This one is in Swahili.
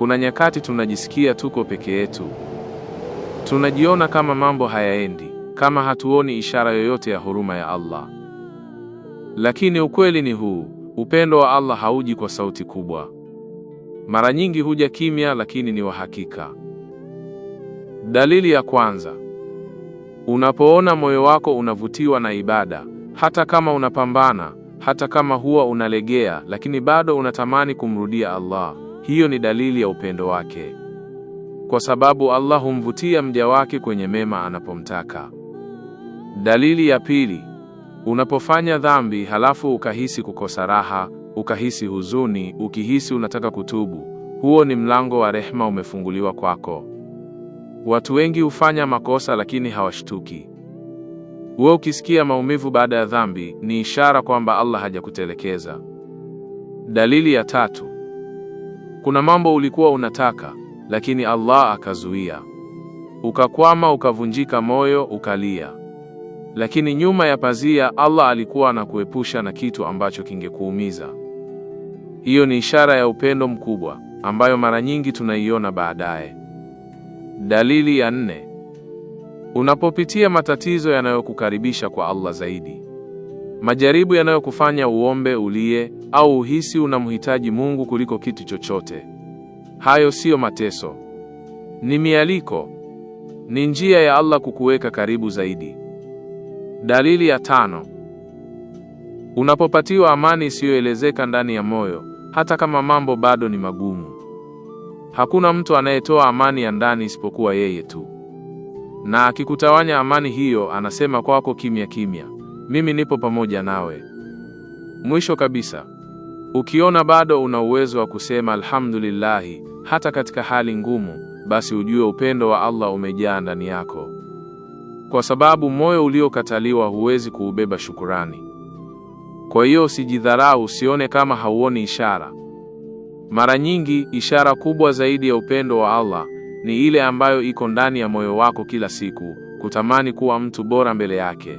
Kuna nyakati tunajisikia tuko peke yetu, tunajiona kama mambo hayaendi, kama hatuoni ishara yoyote ya huruma ya Allah. Lakini ukweli ni huu, upendo wa Allah hauji kwa sauti kubwa. Mara nyingi huja kimya, lakini ni wa hakika. Dalili ya kwanza, unapoona moyo wako unavutiwa na ibada, hata kama unapambana, hata kama huwa unalegea, lakini bado unatamani kumrudia Allah. Hiyo ni dalili ya upendo wake, kwa sababu Allah humvutia mja wake kwenye mema anapomtaka. Dalili ya pili, unapofanya dhambi halafu ukahisi kukosa raha, ukahisi huzuni, ukihisi unataka kutubu, huo ni mlango wa rehma umefunguliwa kwako. Watu wengi hufanya makosa lakini hawashtuki. Wewe ukisikia maumivu baada ya dhambi, ni ishara kwamba Allah hajakutelekeza. Dalili ya tatu, kuna mambo ulikuwa unataka lakini Allah akazuia, ukakwama, ukavunjika moyo, ukalia. Lakini nyuma ya pazia Allah alikuwa anakuepusha na kitu ambacho kingekuumiza. Hiyo ni ishara ya upendo mkubwa ambayo mara nyingi tunaiona baadaye. Dalili ya nne, unapopitia matatizo yanayokukaribisha kwa Allah zaidi. Majaribu yanayokufanya uombe, ulie au uhisi unamhitaji Mungu kuliko kitu chochote. Hayo siyo mateso, ni mialiko, ni njia ya Allah kukuweka karibu zaidi. Dalili ya tano: unapopatiwa amani isiyoelezeka ndani ya moyo, hata kama mambo bado ni magumu. Hakuna mtu anayetoa amani ya ndani isipokuwa yeye tu, na akikutawanya amani hiyo, anasema kwako kimya kimya mimi nipo pamoja nawe. Mwisho kabisa, ukiona bado una uwezo wa kusema alhamdulillahi hata katika hali ngumu, basi ujue upendo wa Allah umejaa ndani yako, kwa sababu moyo uliokataliwa huwezi kuubeba shukurani. Kwa hiyo usijidharau, usione kama hauoni ishara. Mara nyingi ishara kubwa zaidi ya upendo wa Allah ni ile ambayo iko ndani ya moyo wako kila siku, kutamani kuwa mtu bora mbele yake.